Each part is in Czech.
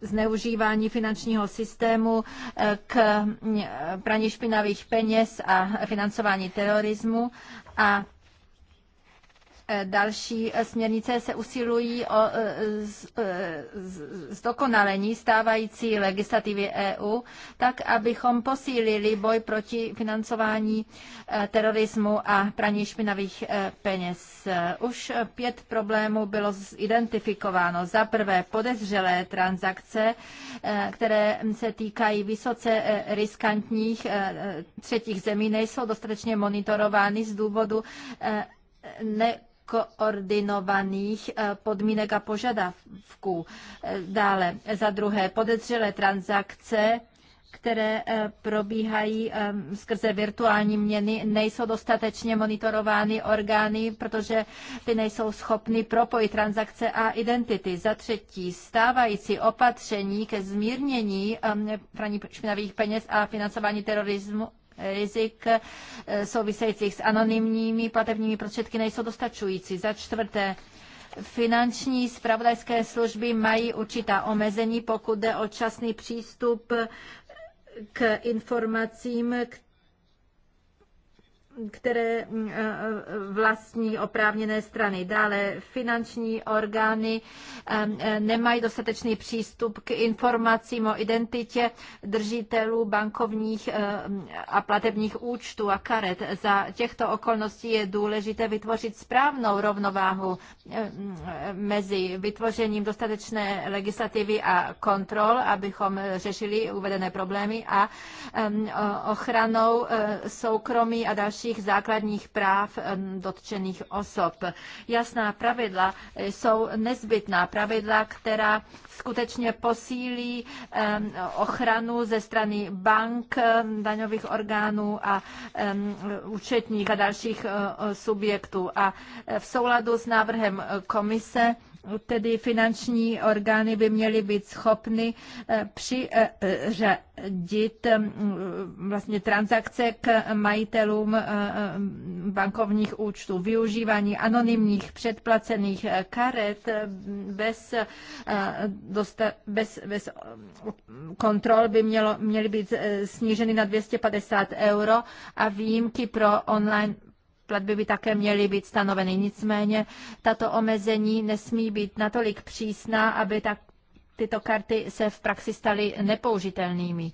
zneužívání finančního systému eh, k eh, praní špinavých peněz a financování terorismu a E, další e, směrnice se usilují o e, zdokonalení stávající legislativy EU, tak abychom posílili boj proti financování terorismu a praní špinavých peněz. Už pět problémů bylo identifikováno. Za prvé podezřelé transakce, které se týkají vysoce riskantních třetích zemí, nejsou dostatečně monitorovány z důvodu ne koordinovaných eh, podmínek a požadavků. Eh, dále, za druhé, podezřelé transakce které eh, probíhají skrze virtuální měny, nejsou dostatečně monitorovány orgány, protože ty nejsou schopny propojit transakce a identity. Za třetí, stávající opatření ke zmírnění praní špinavých peněz a financování terorismu rizik eh, souvisejících s anonymními platebními prostředky nejsou dostačující. Za čtvrté, finanční spravodajské služby mají určitá omezení, pokud jde o časný přístup k informacím, které které mm, vlastní oprávněné strany. Dále finanční orgány e, nemají dostatečný přístup k informacím o identitě držitelů bankovních e, a platebních účtů a karet. Za těchto okolností je důležité vytvořit správnou rovnováhu e, mezi vytvořením dostatečné legislativy a kontrol, abychom řešili uvedené problémy a ochranou soukromí a další dalších základních práv dotčených osob. Jasná pravidla jsou nezbytná pravidla, která skutečně posílí ochranu ze strany bank, daňových orgánů a účetních a dalších e, e, subjektů. A e, v souladu s návrhem komise Tedy finanční orgány by měly být schopny eh, přiřadit eh, mm, vlastně transakce k majitelům eh, bankovních účtů. Využívání anonymních předplacených karet bez, bez, bez kontrol by mělo, měly být sníženy na 250 euro a výjimky pro online platby by také měly být stanoveny. Nicméně tato omezení nesmí být natolik přísná, aby tak tyto karty se v praxi staly nepoužitelnými.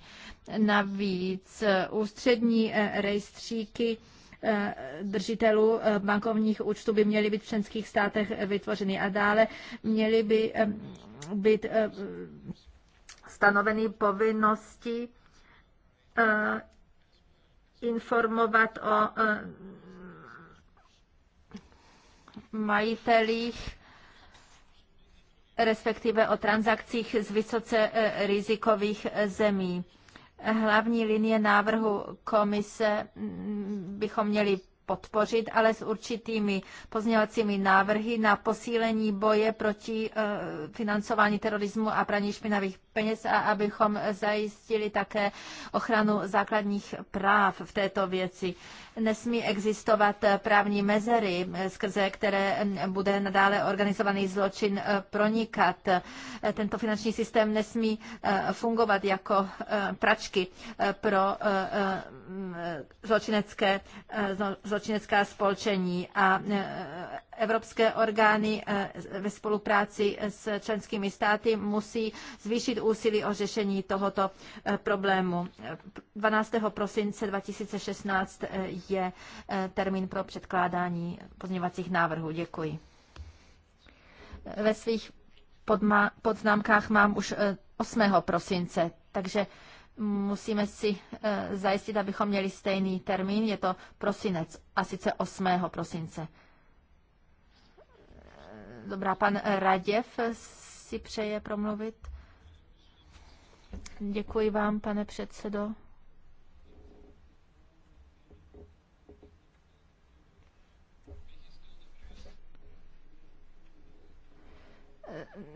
Navíc eh, ústřední eh, rejstříky eh, držitelů bankovních účtů by měly být v členských státech vytvořeny a dále měly by být stanoveny povinnosti informovat o majitelích, respektive o transakcích z vysoce e, rizikových e, zemí. Hlavní linie návrhu komise bychom měli podpořit, ale s určitými pozměňovacími návrhy na posílení boje proti eh, financování terorismu a praní špinavých peněz a abychom zajistili také ochranu základních práv v této věci. Nesmí existovat právní mezery, eh, skrze které mm, bude nadále organizovaný zločin eh, pronikat. Tento finanční systém nesmí fungovat jako pračky pro mm, zločinecké zločinecké zločinecká spolčení a e, evropské orgány e, ve spolupráci s členskými státy musí zvýšit úsilí o řešení tohoto e, problému. 12. prosince 2016 je termín pro předkládání pozměňovacích návrhů. Děkuji. Ve svých podma- podznámkách mám už 8. prosince, takže musíme si eh, zajistit, abychom měli stejný termín, je to prosinec, a sice 8. prosince. Dobrá, pan Raděv si přeje promluvit. Děkuji vám, pane předsedo.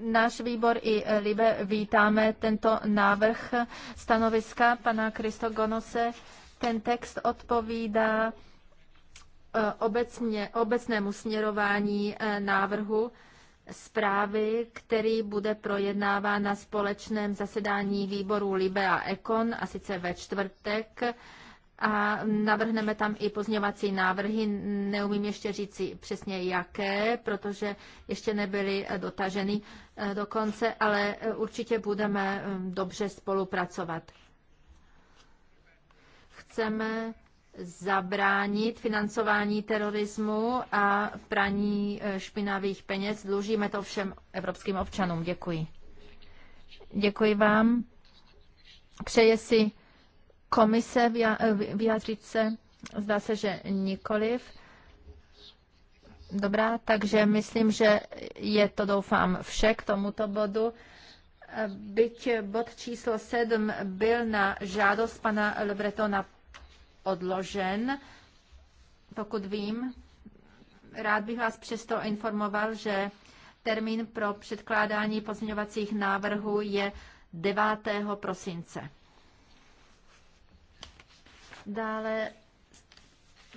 Náš výbor i Libe vítáme tento návrh stanoviska pana Gonose. Ten text odpovídá eh, obecně, obecnému směrování eh, návrhu zprávy, který bude projednáván na společném zasedání výboru Libe a Ekon, a sice ve čtvrtek a navrhneme tam i pozměňovací návrhy. Neumím ještě říci přesně jaké, protože ještě nebyly eh, dotaženy eh, do konce, ale eh, určitě budeme mm, dobře spolupracovat. Chceme zabránit financování terorismu a praní špinavých peněz. Dlužíme to všem evropským občanům. Děkuji. Děkuji vám. Přeje si komise eh, vyjádřit se? Zdá se, že nikoliv. Dobrá, takže myslím, že je to, doufám, vše k tomuto bodu. Eh, byť bod číslo 7 byl na žádost pana Lebretona odložen, pokud vím, rád bych vás přesto informoval, že termín pro předkládání pozměňovacích návrhů je 9. prosince. Dále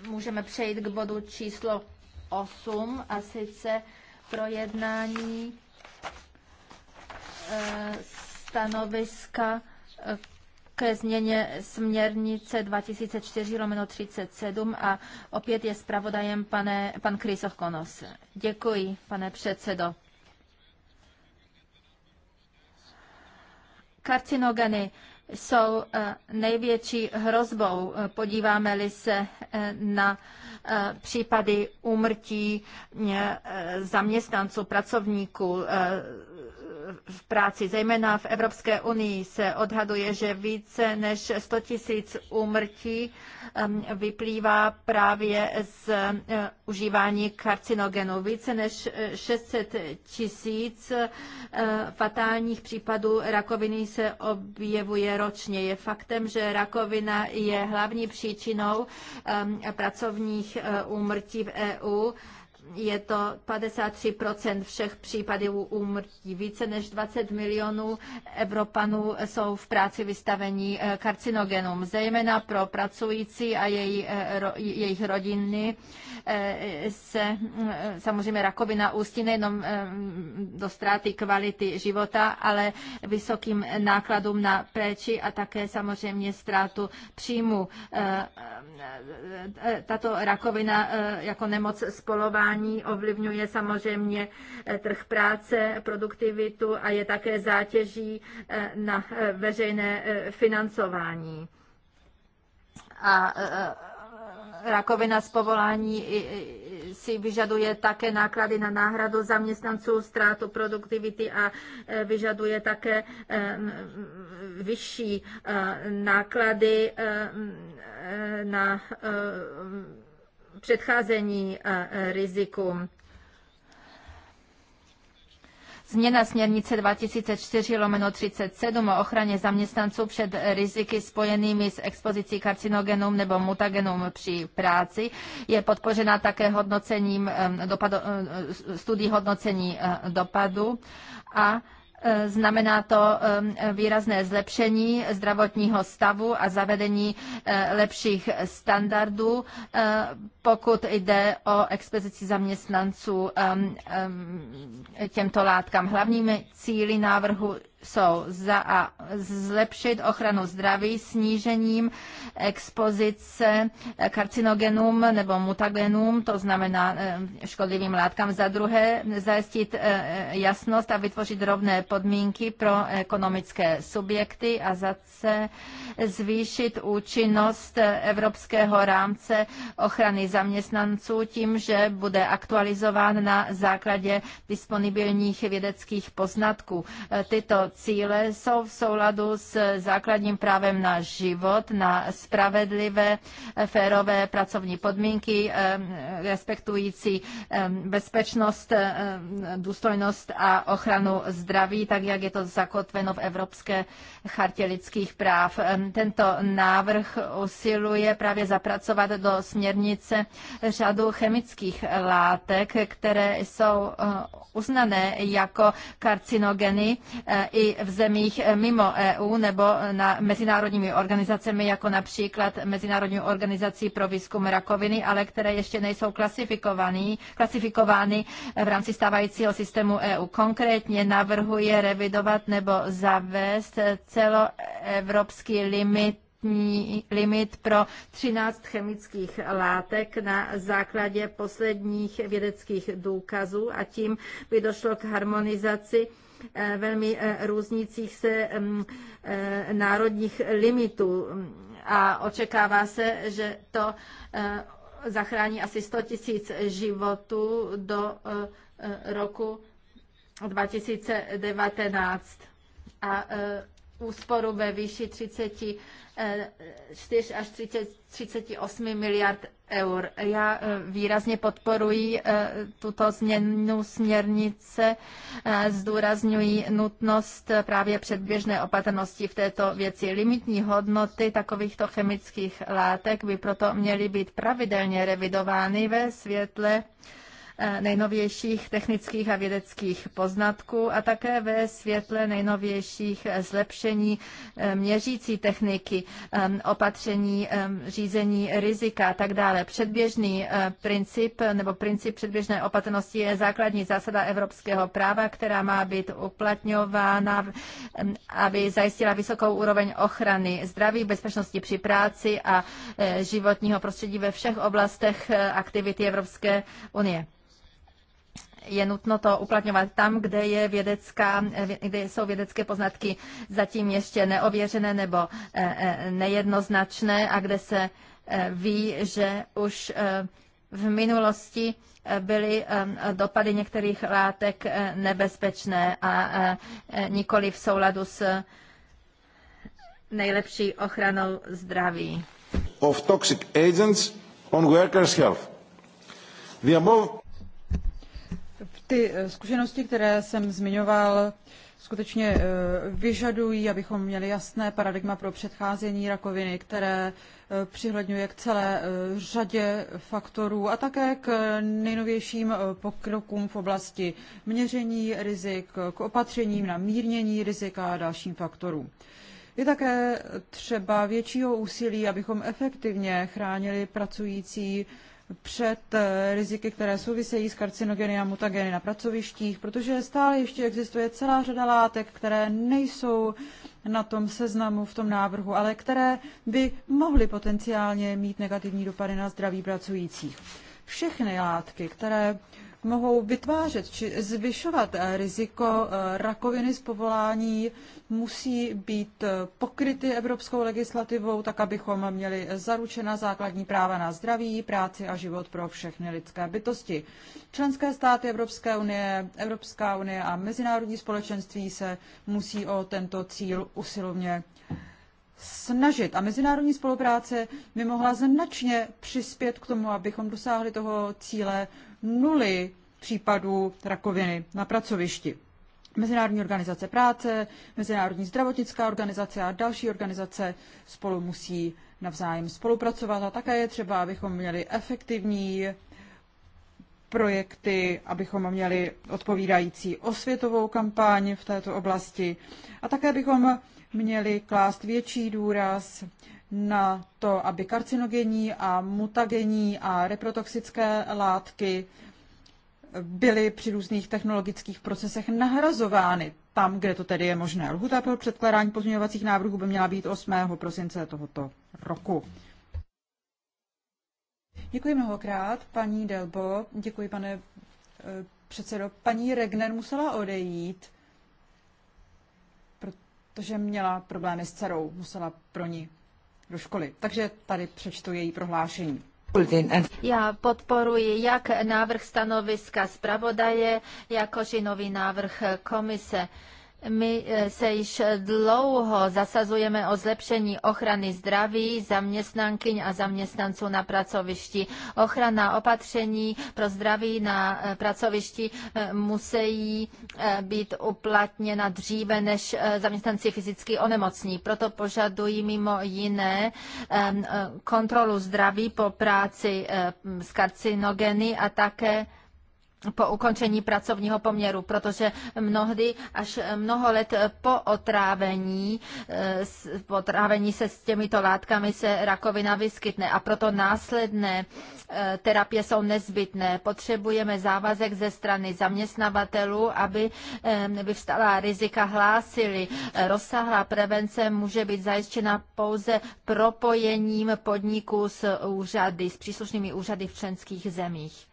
můžeme přejít k bodu číslo 8 a sice projednání e, stanoviska e, ke změně směrnice 2004-37 a opět je zpravodajem pane, pan Krysov Konos. Děkuji, pane předsedo. Karcinogeny jsou eh, největší hrozbou, podíváme-li se eh, na eh, případy úmrtí zaměstnanců, pracovníků, v práci. Zejména v Evropské unii se odhaduje, že více než 100 tisíc úmrtí um, vyplývá právě z uh, užívání karcinogenů. Více než 600 tisíc uh, fatálních případů rakoviny se objevuje ročně. Je faktem, že rakovina je hlavní příčinou um, pracovních uh, úmrtí v EU je to 53% všech případů úmrtí. Více než 20 milionů Evropanů jsou v práci vystavení eh, karcinogenům, zejména pro pracující a její, eh, jejich rodiny eh, se samozřejmě rakovina ústí nejenom do ztráty kvality života, ale vysokým nákladům na péči a také samozřejmě ztrátu příjmu. Tato rakovina jako nemoc spolování vzdělávání ovlivňuje samozřejmě eh, trh práce, produktivitu a je také zátěží eh, na eh, veřejné financování. A rakovina z povolání si vyžaduje také náklady na náhradu zaměstnanců, ztrátu produktivity a vyžaduje také vyšší náklady na předcházení eh, rizikům. Změna směrnice 2004-37 o ochraně zaměstnanců před riziky spojenými s expozicí karcinogenům nebo mutagenům při práci je podpořena také hodnocením eh, dopadu, eh, studií hodnocení dopadu a Znamená to um, výrazné zlepšení zdravotního stavu a zavedení uh, lepších standardů, uh, pokud jde o expozici zaměstnanců um, um, těmto látkám. Hlavními cíly návrhu jsou za a zlepšit ochranu zdraví snížením expozice karcinogenům nebo mutagenům, to znamená eh, škodlivým látkám. Za druhé zajistit eh, jasnost a vytvořit rovné podmínky pro ekonomické subjekty a za C zvýšit účinnost evropského rámce ochrany zaměstnanců tím, že bude aktualizován na základě disponibilních vědeckých poznatků. Eh, tyto cíle jsou v souladu s základním právem na život, na spravedlivé, férové pracovní podmínky, eh, respektující eh, bezpečnost, eh, důstojnost a ochranu zdraví, tak jak je to zakotveno v Evropské chartě lidských práv. Tento návrh usiluje právě zapracovat do směrnice řadu chemických látek, které jsou uznané jako karcinogeny i i v zemích eh, mimo EU nebo eh, na mezinárodními organizacemi, jako například Mezinárodní organizací pro výzkum rakoviny, ale které ještě nejsou klasifikovány, klasifikovány eh, v rámci stávajícího systému EU. Konkrétně navrhuje revidovat nebo zavést celoevropský limit limit pro 13 chemických látek na základě posledních vědeckých důkazů a tím by došlo k harmonizaci Eh, velmi eh, různících se mm, eh, národních limitů a očekává se, že to zachrání asi 100 tisíc životů do roku 2019. A úsporu ve výši 34 eh, až 30, 38 miliard eur. Já eh, výrazně podporuji eh, tuto změnu směrnice, zdůrazňuji nutnost právě předběžné opatrnosti v této věci. Limitní hodnoty takovýchto chemických látek by proto měly být pravidelně revidovány ve světle Eh, nejnovějších technických a vědeckých poznatků a také ve světle nejnovějších zlepšení eh, měřící techniky, eh, opatření řízení rizika a tak dále. Předběžný princip nebo princip předběžné opatrnosti je základní zásada evropského práva, která má být uplatňována, aby zajistila vysokou úroveň ochrany zdraví, bezpečnosti při práci a životního prostředí ve všech oblastech aktivity Evropské unie je nutno to uplatňovat tam, kde, je vědecká, kde jsou vědecké poznatky zatím ještě neověřené nebo eh, eh, nejednoznačné a kde se eh, ví, že už v minulosti byly dopady některých látek nebezpečné a nikoli v souladu s nejlepší ochranou zdraví. Of toxic agents on workers' health. The above ty eh, zkušenosti, které jsem zmiňoval, skutečně eh, vyžadují, abychom měli jasné paradigma pro předcházení rakoviny, které eh, přihledňuje k celé řadě faktorů a také k nejnovějším pokrokům v oblasti měření rizik, k opatřením na mírnění rizika a dalším faktorům. Je také třeba většího úsilí, abychom efektivně chránili pracující před eh, riziky, které souvisejí s karcinogeny a mutageny na pracovištích, protože stále ještě existuje celá řada látek, které nejsou na tom seznamu v tom návrhu, ale které by mohly potenciálně mít negativní dopady na zdraví pracujících. Všechny látky, které mohou vytvářet či zvyšovat eh, riziko eh, rakoviny z povolání, musí být eh, pokryty evropskou legislativou, tak abychom měli zaručena základní práva na zdraví, práci a život pro všechny lidské bytosti. Členské státy Evropské unie, Evropská unie a mezinárodní společenství se musí o tento cíl usilovně snažit. A mezinárodní spolupráce by mohla značně přispět k tomu, abychom dosáhli toho cíle nuly případů rakoviny na pracovišti. Mezinárodní organizace práce, Mezinárodní zdravotnická organizace a další organizace spolu musí navzájem spolupracovat a také je třeba, abychom měli efektivní projekty, abychom měli odpovídající osvětovou kampaň v této oblasti a také bychom měli klást větší důraz na to, aby karcinogenní a mutagenní a reprotoxické látky byly při různých technologických procesech nahrazovány tam, kde to tedy je možné. Lhuta pro předkládání pozměňovacích návrhů by měla být 8. prosince tohoto roku. Děkuji mnohokrát, paní Delbo. Děkuji, pane eh, předsedo. Paní Regner musela odejít protože měla problémy s dcerou, musela pro ní do školy. Takže tady přečtu její prohlášení. Já podporuji jak návrh stanoviska zpravodaje, jakož i nový návrh komise. My eh, se již dlouho zasazujeme o zlepšení ochrany zdraví zaměstnankyň a zaměstnanců na pracovišti. Ochrana opatření pro zdraví na eh, pracovišti eh, musí být uplatněna dříve, než zaměstnanci fyzicky onemocní. Proto požadují mimo jiné kontrolu zdraví po práci s karcinogeny a také po ukončení pracovního poměru, protože mnohdy až mnoho let po otrávení, eh, po otrávení se s těmito látkami se rakovina vyskytne a proto následné eh, terapie jsou nezbytné. Potřebujeme závazek ze strany zaměstnavatelů, aby eh, vyvstala rizika hlásili. Rozsáhlá prevence může být zajištěna pouze propojením podniků s úřady, s příslušnými úřady v členských zemích.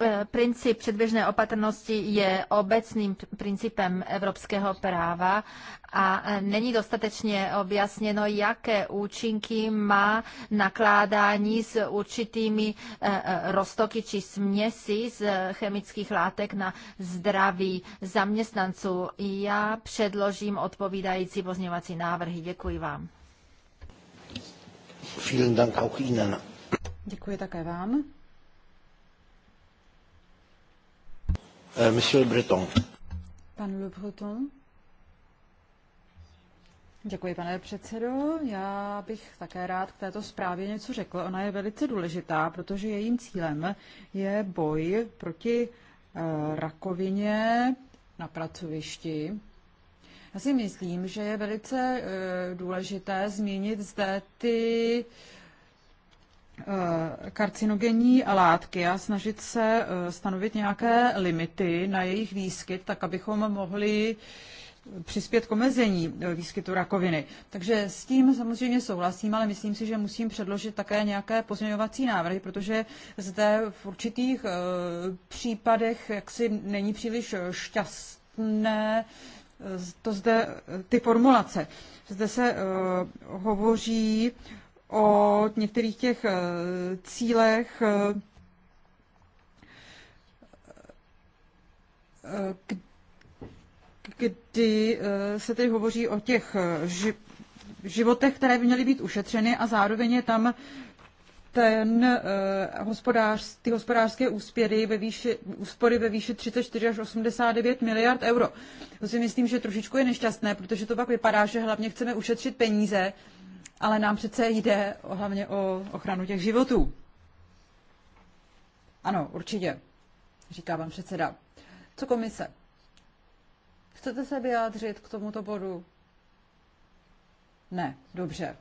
Eh, princip předběžné opatrnosti je obecným principem evropského práva a eh, není dostatečně objasněno, jaké účinky má nakládání s určitými eh, roztoky či směsi z chemických látek na zdraví zaměstnanců. Já předložím odpovídající pozměňovací návrhy. Děkuji vám. Vielen Dank auch Ihnen. Děkuji také vám. Euh, Monsieur Breton. Pan Le Breton. Děkuji, pane předsedo. Já bych také rád k této zprávě něco řekl. Ona je velice důležitá, protože jejím cílem je boj proti eh, rakovině na pracovišti. Já si myslím, že je velice eh, důležité zmínit zde ty Eh, karcinogenní látky a snažit se eh, stanovit nějaké limity na jejich výskyt, tak abychom mohli přispět k omezení eh, výskytu rakoviny. Takže s tím samozřejmě souhlasím, ale myslím si, že musím předložit také nějaké pozměňovací návrhy, protože zde v určitých případech jaksi není příliš šťastné to zde ty formulace. Zde se hovoří o některých těch eh, cílech, eh, eh, kdy se tedy hovoří o těch životech, které by měly být ušetřeny a zároveň je tam ten hospodář, ty hospodářské úspěry ve výši, úspory ve výši 34 až 89 miliard euro. To si myslím, že trošičku je nešťastné, protože to pak vypadá, že hlavně chceme ušetřit peníze, ale nám přece jde hlavně o ochranu těch životů. Ano, určitě, říká vám předseda. Co komise? Chcete se vyjádřit k tomuto bodu? Ne, dobře.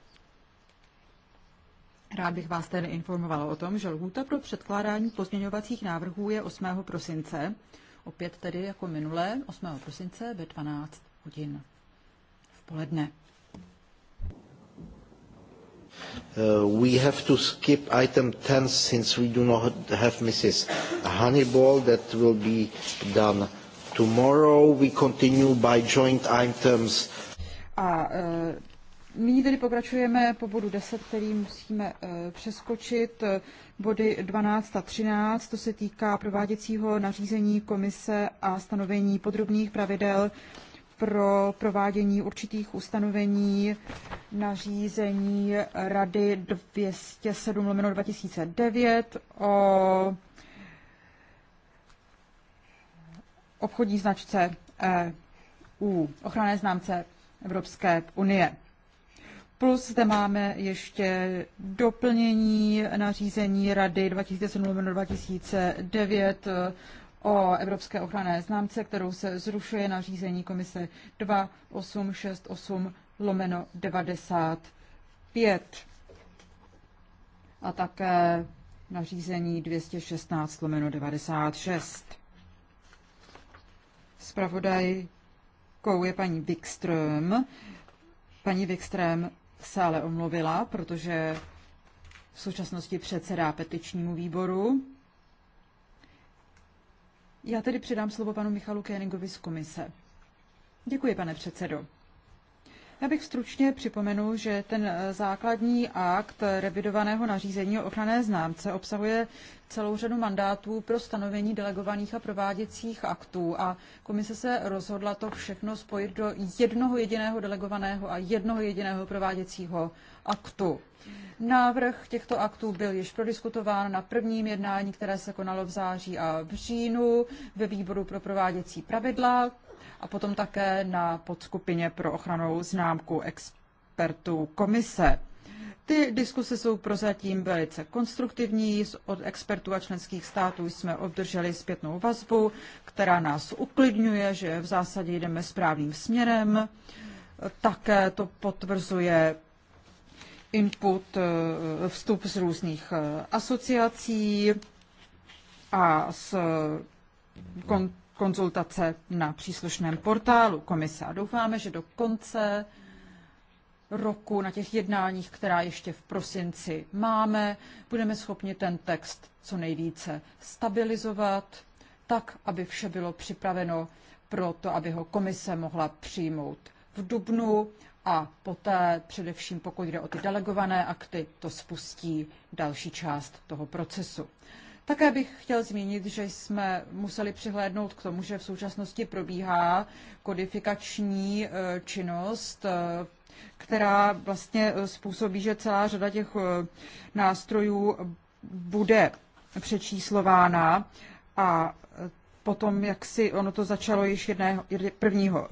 Rád bych vás tedy informoval o tom, že lhůta pro předkládání pozměňovacích návrhů je 8. prosince, opět tedy jako minule, 8. prosince ve 12 hodin v poledne. Uh, we have to skip item 10 since we do not have Mrs. Honeyball. That will be done tomorrow. We continue by joint items. A uh, nyní tedy pokračujeme po bodu 10, který musíme uh, přeskočit. Uh, body 12 a 13, to se týká prováděcího nařízení komise a stanovení podrobných pravidel uh, pro provádění určitých ustanovení nařízení Rady 207 lomeno 2009 o obchodní značce EU, eh, ochranné známce Evropské unie. Plus zde máme ještě doplnění nařízení Rady 2007 2009 o Evropské ochranné známce, kterou se zrušuje na řízení komise 2868 lomeno 95 a také na řízení 216 lomeno 96. Spravodajkou je paní Wikström. Paní Wikström se ale omluvila, protože v současnosti předsedá petičnímu výboru já tedy předám slovo panu Michalu Kéningovi z komise. Děkuji, pane předsedo. Já bych stručně připomenul, že ten eh, základní akt revidovaného nařízení o ochranné známce obsahuje celou řadu mandátů pro stanovení delegovaných a prováděcích aktů a komise se rozhodla to všechno spojit do jednoho jediného delegovaného a jednoho jediného prováděcího aktu. Návrh těchto aktů byl již prodiskutován na prvním jednání, které se konalo v září a v říjnu ve výboru pro prováděcí pravidla a potom také na podskupině pro ochranou známku expertů komise. Ty diskuse jsou prozatím velice konstruktivní. Od expertů a členských států jsme obdrželi zpětnou vazbu, která nás uklidňuje, že v zásadě jdeme správným směrem. Také to potvrzuje input, eh, vstup z různých eh, asociací a z kont- konzultace na příslušném portálu komise. A doufáme, že do konce roku na těch jednáních, která ještě v prosinci máme, budeme schopni ten text co nejvíce stabilizovat, tak, aby vše bylo připraveno pro to, aby ho komise mohla přijmout v dubnu a poté, především pokud jde o ty delegované akty, to spustí další část toho procesu. Také bych chtěl zmínit, že jsme museli přihlédnout k tomu, že v současnosti probíhá kodifikační eh, činnost, eh, která vlastně eh, způsobí, že celá řada těch nástrojů bude přečíslována a potom, jak si ono to začalo již 1.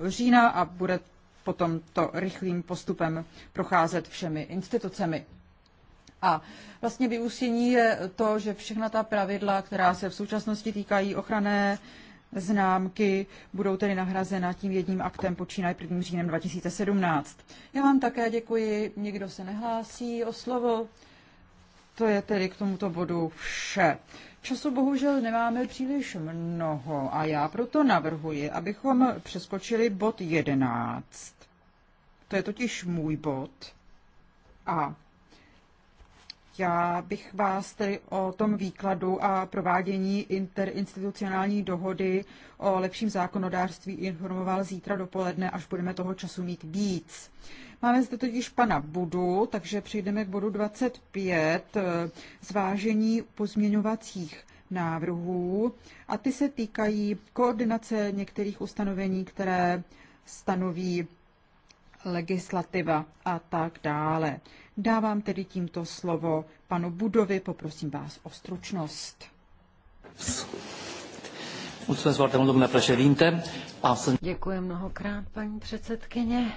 října a bude potom to rychlým postupem procházet všemi institucemi. A vlastně vyústění je to, že všechna ta pravidla, která se v současnosti týkají ochranné známky, budou tedy nahrazena tím jedním aktem počínaje 1. říjnem 2017. Já vám také děkuji, nikdo se nehlásí o slovo. To je tedy k tomuto bodu vše. Času bohužel nemáme příliš mnoho a já proto navrhuji, abychom přeskočili bod 11. To je totiž můj bod. A já bych vás tedy o tom výkladu a provádění interinstitucionální dohody o lepším zákonodárství informoval zítra dopoledne, až budeme toho času mít víc. Máme zde totiž pana Budu, takže přejdeme k bodu 25, eh, zvážení pozměňovacích návrhů a ty se týkají koordinace některých ustanovení, které stanoví legislativa a tak dále. Dávám tedy tímto slovo panu Budovi, poprosím vás o stručnost. Děkuji mnohokrát, paní předsedkyně.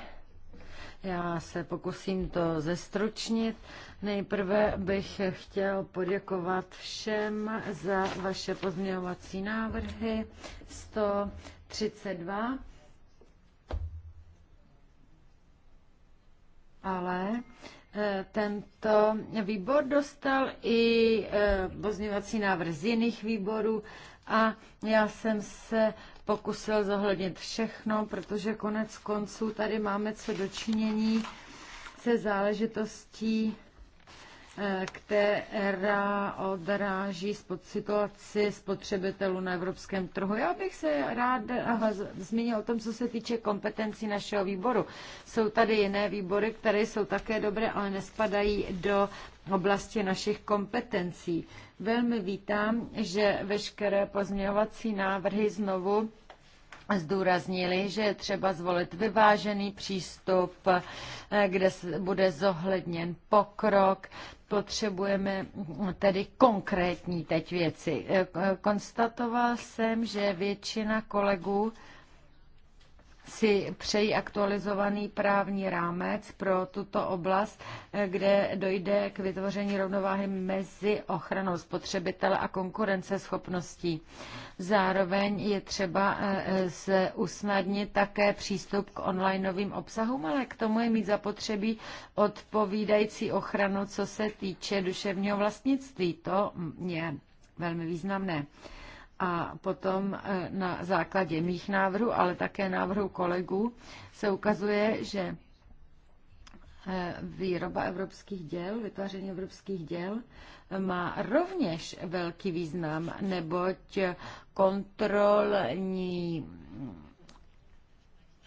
Já se pokusím to zestručnit. Nejprve bych chtěl poděkovat všem za vaše pozměňovací návrhy 132. Ale tento výbor dostal i e, pozměňovací návrh z jiných výborů a já jsem se pokusil zohlednit všechno, protože konec konců tady máme co dočinění se záležitostí která odráží situaci spotřebitelů na evropském trhu. Já bych se rád zmínil o tom, co se týče kompetencí našeho výboru. Jsou tady jiné výbory, které jsou také dobré, ale nespadají do oblasti našich kompetencí. Velmi vítám, že veškeré pozměňovací návrhy znovu zdůraznili, že je třeba zvolit vyvážený přístup, eh, kde bude zohledněn pokrok Potřebujeme tedy konkrétní teď věci. Konstatoval jsem, že většina kolegů si přejí aktualizovaný právní rámec pro tuto oblast, kde dojde k vytvoření rovnováhy mezi ochranou spotřebitele a konkurenceschopností. Zároveň je třeba eh, se usnadnit také přístup k onlineovým obsahům, ale k tomu je mít zapotřebí odpovídající ochranu, co se týče duševního vlastnictví. To je velmi významné. A potom e, na základě mých návrhů, ale také návrhů kolegů, se ukazuje, že e, výroba evropských děl, vytváření evropských děl má rovněž velký význam, neboť kontrolní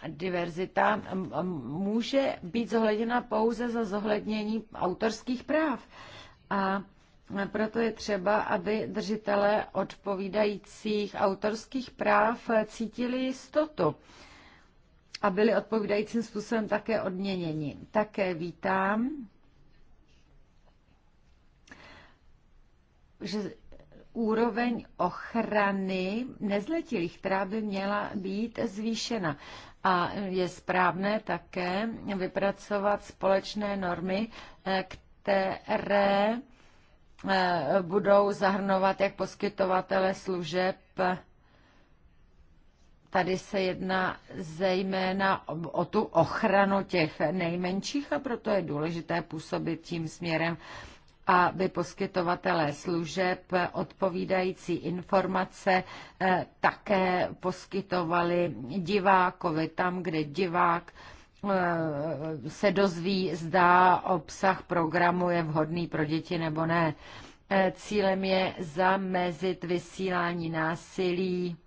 diverzita může být zohledněna pouze za zohlednění autorských práv. A proto je třeba, aby držitele odpovídajících autorských práv cítili jistotu a byli odpovídajícím způsobem také odměněni. Také vítám, že úroveň ochrany nezletilých, která by měla být zvýšena. A je správné také vypracovat společné normy, eh, které Eh, budou zahrnovat jak poskytovatele služeb. Tady se jedná zejména o, tu ochranu těch nejmenších a proto je důležité působit tím směrem, aby poskytovatelé služeb odpovídající informace eh, také poskytovali divákovi tam, kde divák Eh, se dozví, zda obsah programu je vhodný pro děti nebo ne. Eh, cílem je zamezit vysílání násilí.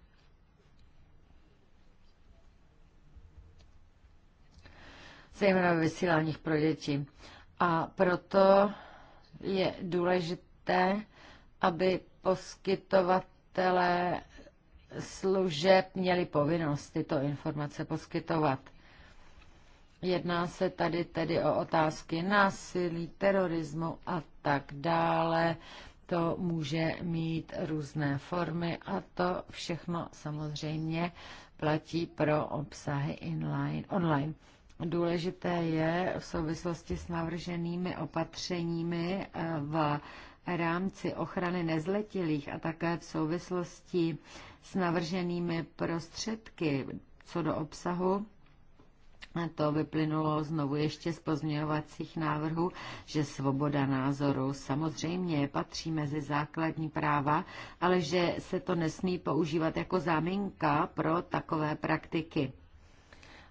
zejména vysíláních pro děti. A proto je důležité, aby poskytovatelé služeb měli povinnost tyto informace poskytovat. Jedná se tady tedy o otázky násilí, terorismu a tak dále. To může mít různé formy a to všechno samozřejmě platí pro obsahy inline, online. Důležité je v souvislosti s navrženými opatřeními eh, v rámci ochrany nezletilých a také v souvislosti s navrženými prostředky co do obsahu a to vyplynulo znovu ještě z pozměňovacích návrhů, že svoboda názoru samozřejmě patří mezi základní práva, ale že se to nesmí používat jako záminka pro takové praktiky.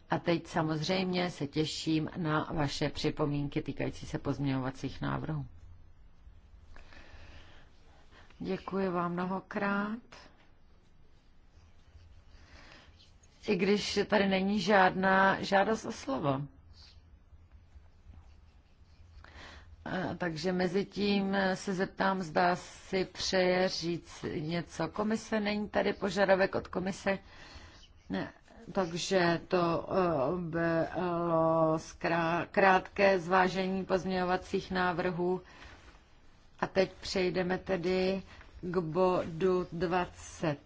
A teď samozřejmě se těším na vaše připomínky týkající se pozměňovacích návrhů. Děkuji vám mnohokrát. i když tady není žádná žádost o slovo. Takže mezi tím se zeptám, zda si přeje říct něco komise. Není tady požadavek od komise, ne, takže to eh, bylo krátké zvážení pozměňovacích návrhů. A teď přejdeme tedy k bodu 25.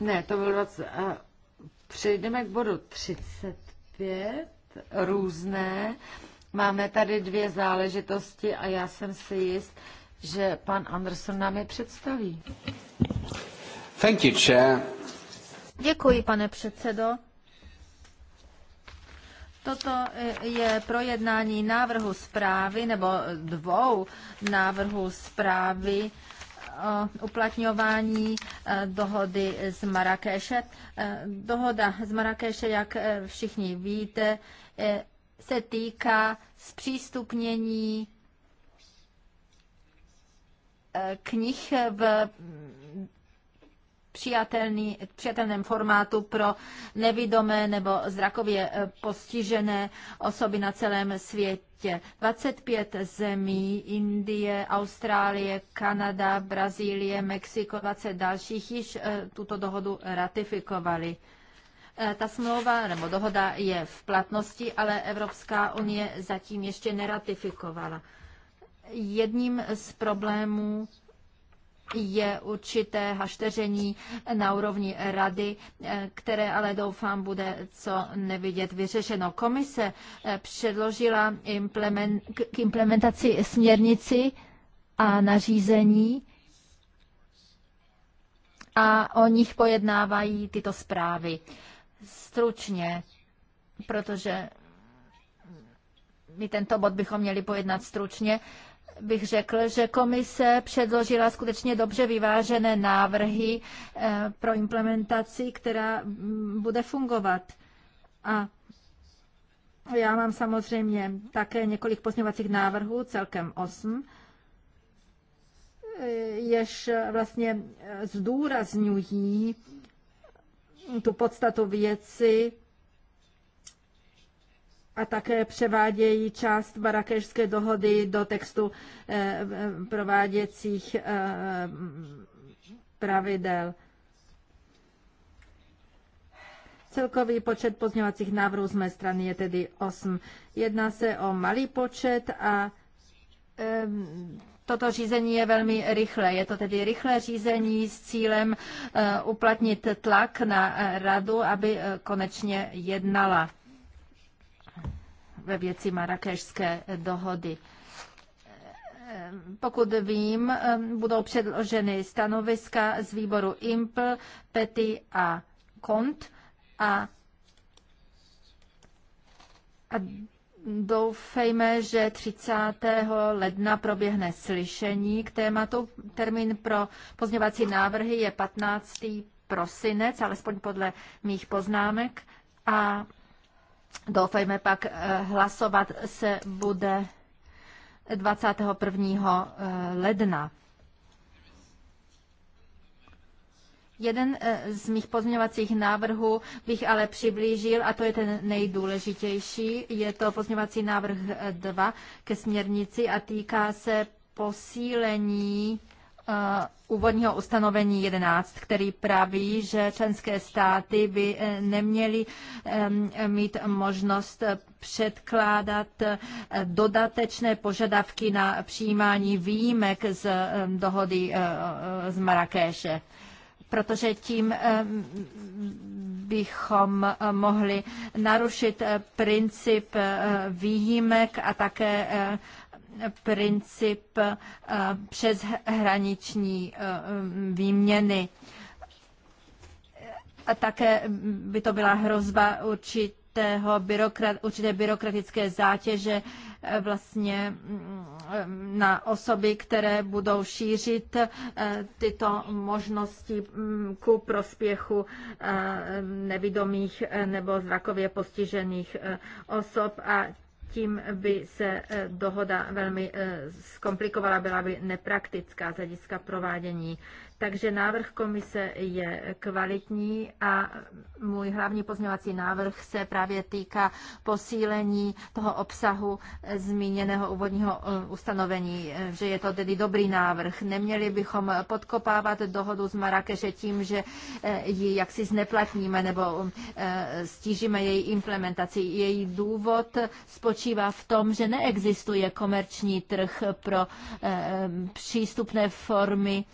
Ne, to bylo 20. A přejdeme k bodu 35. Různé. Máme tady dvě záležitosti a já jsem si jist, že pan Anderson nám je představí. Thank you, chair. Děkuji, pane předsedo. Toto je projednání návrhu zprávy nebo dvou návrhů zprávy o uplatňování eh, dohody z Marrakeše. Eh, dohoda z Marrakeše, jak eh, všichni víte, se týká zpřístupnění knih v přijatelný, přijatelném formátu pro nevidomé nebo zrakově eh, postižené osoby na celém světě. 25 zemí, Indie, Austrálie, Kanada, Brazílie, Mexiko, 20 dalších již eh, tuto dohodu ratifikovali. Eh, ta smlouva nebo dohoda je v platnosti, ale Evropská unie zatím ještě neratifikovala. Jedním z problémů je určité hašteření na úrovni rady, eh, které ale doufám bude co nevidět vyřešeno. Komise eh, předložila implement, k implementaci směrnici a nařízení a o nich pojednávají tyto zprávy. Stručně, protože my tento bod bychom měli pojednat stručně bych řekl, že komise předložila skutečně dobře vyvážené návrhy eh, pro implementaci, která mm, bude fungovat. A já mám samozřejmě také několik pozměňovacích návrhů, celkem osm, eh, jež vlastně eh, zdůrazňují tu podstatu věci, a také převádějí část Marrakešské dohody do textu eh, prováděcích eh, pravidel. Celkový počet pozměňovacích návrhů z mé strany je tedy 8. Jedná se o malý počet a Toto řízení je velmi rychlé. Je to tedy rychlé řízení s cílem eh, uplatnit tlak na radu, aby konečně jednala ve věci marakešské dohody. Pokud vím, budou předloženy stanoviska z výboru IMPL, PETI a KONT a, a Doufejme, že 30. ledna proběhne slyšení k tématu. Termín pro pozměvací návrhy je 15. prosinec, alespoň podle mých poznámek. A doufejme pak eh, hlasovat se bude 21. Eh, ledna. Jeden eh, z mých pozměňovacích návrhů bych ale přiblížil, a to je ten nejdůležitější. Je to pozměňovací návrh 2 ke směrnici a týká se posílení Uh, úvodního ustanovení 11, který praví, že členské státy by eh, neměly mít možnost předkládat eh, dodatečné požadavky na přijímání výjimek z dohody eh, z Marrakeše protože tím bychom mohli narušit princip výjimek a také princip eh, přeshraniční eh, výměny. A také by to byla hrozba určitého byrokrat, určité byrokratické zátěže eh, vlastně mm, na osoby, které budou šířit tyto možnosti mm, ku prospěchu nevidomých nebo zrakově postižených osob a tím by se eh, dohoda velmi eh, zkomplikovala, byla by nepraktická z hlediska provádění. Takže návrh komise je kvalitní a můj hlavní pozměňovací návrh se právě týká posílení toho obsahu zmíněného úvodního eh, ustanovení, eh, že je to tedy dobrý návrh. Neměli bychom podkopávat dohodu z Marrakeše tím, že eh, ji jaksi zneplatníme nebo stížíme její implementaci. Její důvod spočívá v tom, že neexistuje komerční trh pro přístupné formy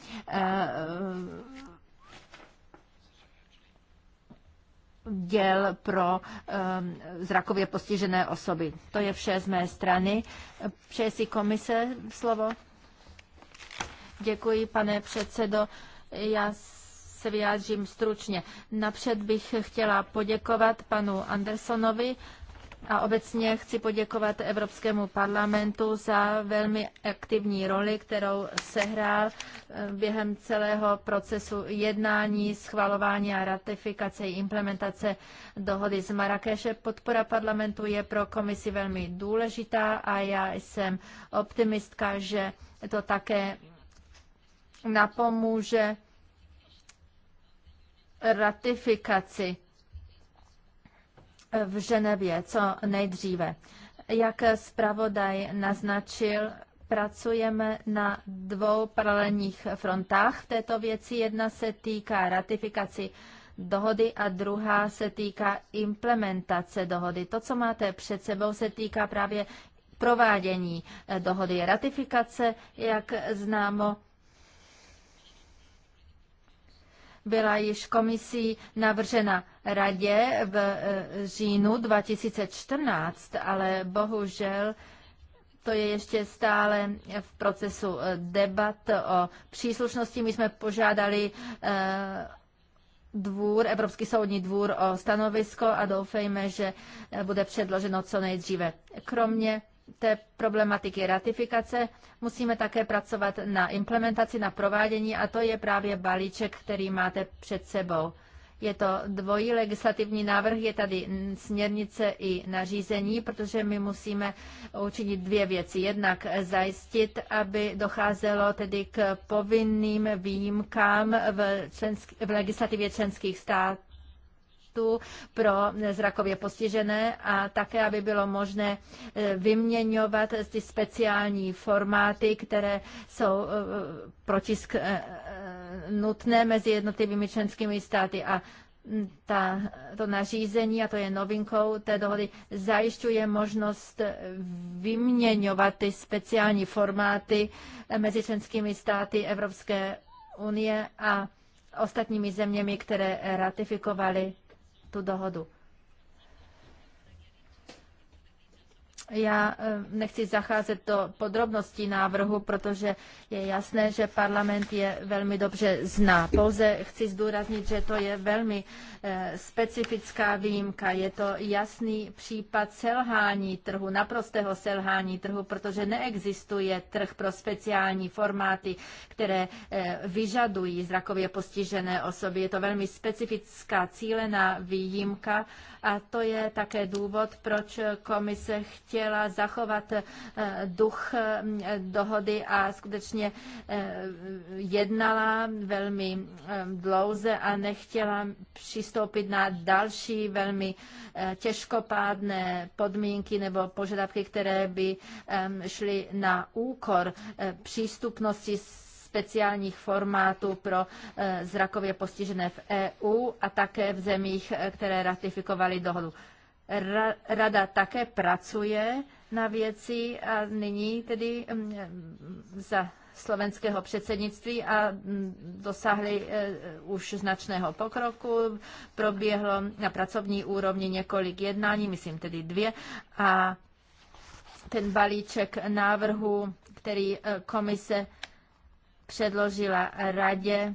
děl pro um, zrakově postižené osoby. To je vše z mé strany. Přeje si komise slovo? Děkuji, pane předsedo. Já se vyjádřím stručně. Napřed bych chtěla poděkovat panu Andersonovi a obecně chci poděkovat Evropskému parlamentu za velmi aktivní roli, kterou sehrál eh, během celého procesu jednání, schvalování a ratifikace i implementace dohody z Marrakeše. Podpora parlamentu je pro komisi velmi důležitá a já jsem optimistka, že to také napomůže ratifikaci v Ženevě co nejdříve. Jak zpravodaj naznačil, pracujeme na dvou paralelních frontách v této věci. Jedna se týká ratifikaci dohody a druhá se týká implementace dohody. To, co máte před sebou, se týká právě provádění eh, dohody. Ratifikace, jak známo, byla již komisí navržena radě v eh, říjnu 2014, ale bohužel to je ještě stále v procesu eh, debat o příslušnosti. My jsme požádali eh, dvůr, Evropský soudní dvůr o stanovisko a doufejme, že bude předloženo co nejdříve. Kromě té problematiky ratifikace musíme také pracovat na implementaci, na provádění a to je právě balíček, který máte před sebou. Je to dvojí legislativní návrh, je tady směrnice i nařízení, protože my musíme učinit dvě věci. Jednak zajistit, aby docházelo tedy k povinným výjimkám v, člensk- v legislativě členských států testů pro zrakově postižené a také, aby bylo možné eh, vyměňovat ty speciální formáty, které jsou eh, protisk eh, nutné mezi jednotlivými členskými státy a mm, ta, to nařízení, a to je novinkou té dohody, zajišťuje možnost vyměňovat ty speciální formáty mezi členskými státy Evropské unie a ostatními zeměmi, které ratifikovaly tu dohodu. Já eh, nechci zacházet do podrobností návrhu, protože je jasné, že parlament je velmi dobře zná. Pouze chci zdůraznit, že to je velmi eh, specifická výjimka. Je to jasný případ selhání trhu, naprostého selhání trhu, protože neexistuje trh pro speciální formáty, které eh, vyžadují zrakově postižené osoby. Je to velmi specifická cílená výjimka a to je také důvod, proč komise chtěla chtěla zachovat eh, duch eh, dohody a skutečně eh, jednala velmi dlouze a nechtěla přistoupit na další velmi těžkopádné podmínky nebo požadavky, které by šly na úkor přístupnosti speciálních formátů pro zrakově postižené v EU a také v zemích, které ratifikovaly dohodu. Rada také pracuje na věci a nyní tedy mm, za slovenského předsednictví a mm, dosáhli e, už značného pokroku. Proběhlo na pracovní úrovni několik jednání, myslím tedy dvě, a ten balíček návrhu, který e, komise předložila radě,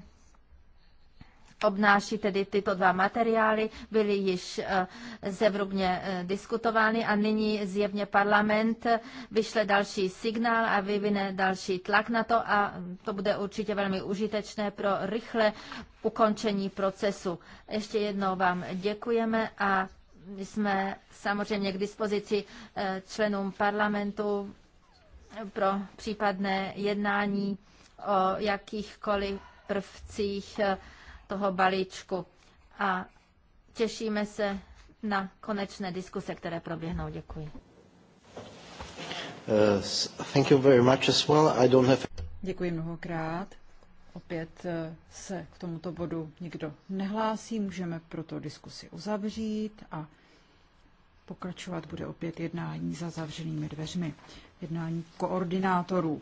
obnáší tedy tyto dva materiály, byly již eh, zevrubně eh, diskutovány a nyní zjevně parlament eh, vyšle další signál a vyvine další tlak na to a to bude určitě velmi užitečné pro rychle ukončení procesu. Ještě jednou vám děkujeme a jsme samozřejmě k dispozici členům parlamentu pro případné jednání o jakýchkoliv prvcích toho balíčku a těšíme se na konečné diskuse, které proběhnou. Děkuji. Uh, Děkuji mnohokrát. Opět uh, se k tomuto bodu nikdo nehlásí, můžeme proto diskusi uzavřít a pokračovat bude opět jednání za zavřenými dveřmi, jednání koordinátorů.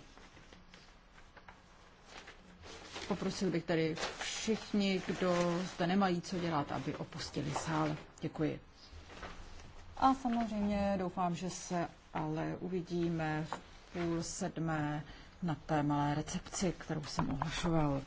Poprosil bych tady všichni, kdo zde nemají co dělat, aby opustili sál. Děkuji. A samozřejmě doufám, že se ale uvidíme v půl sedmé na té malé recepci, kterou jsem ohlašoval.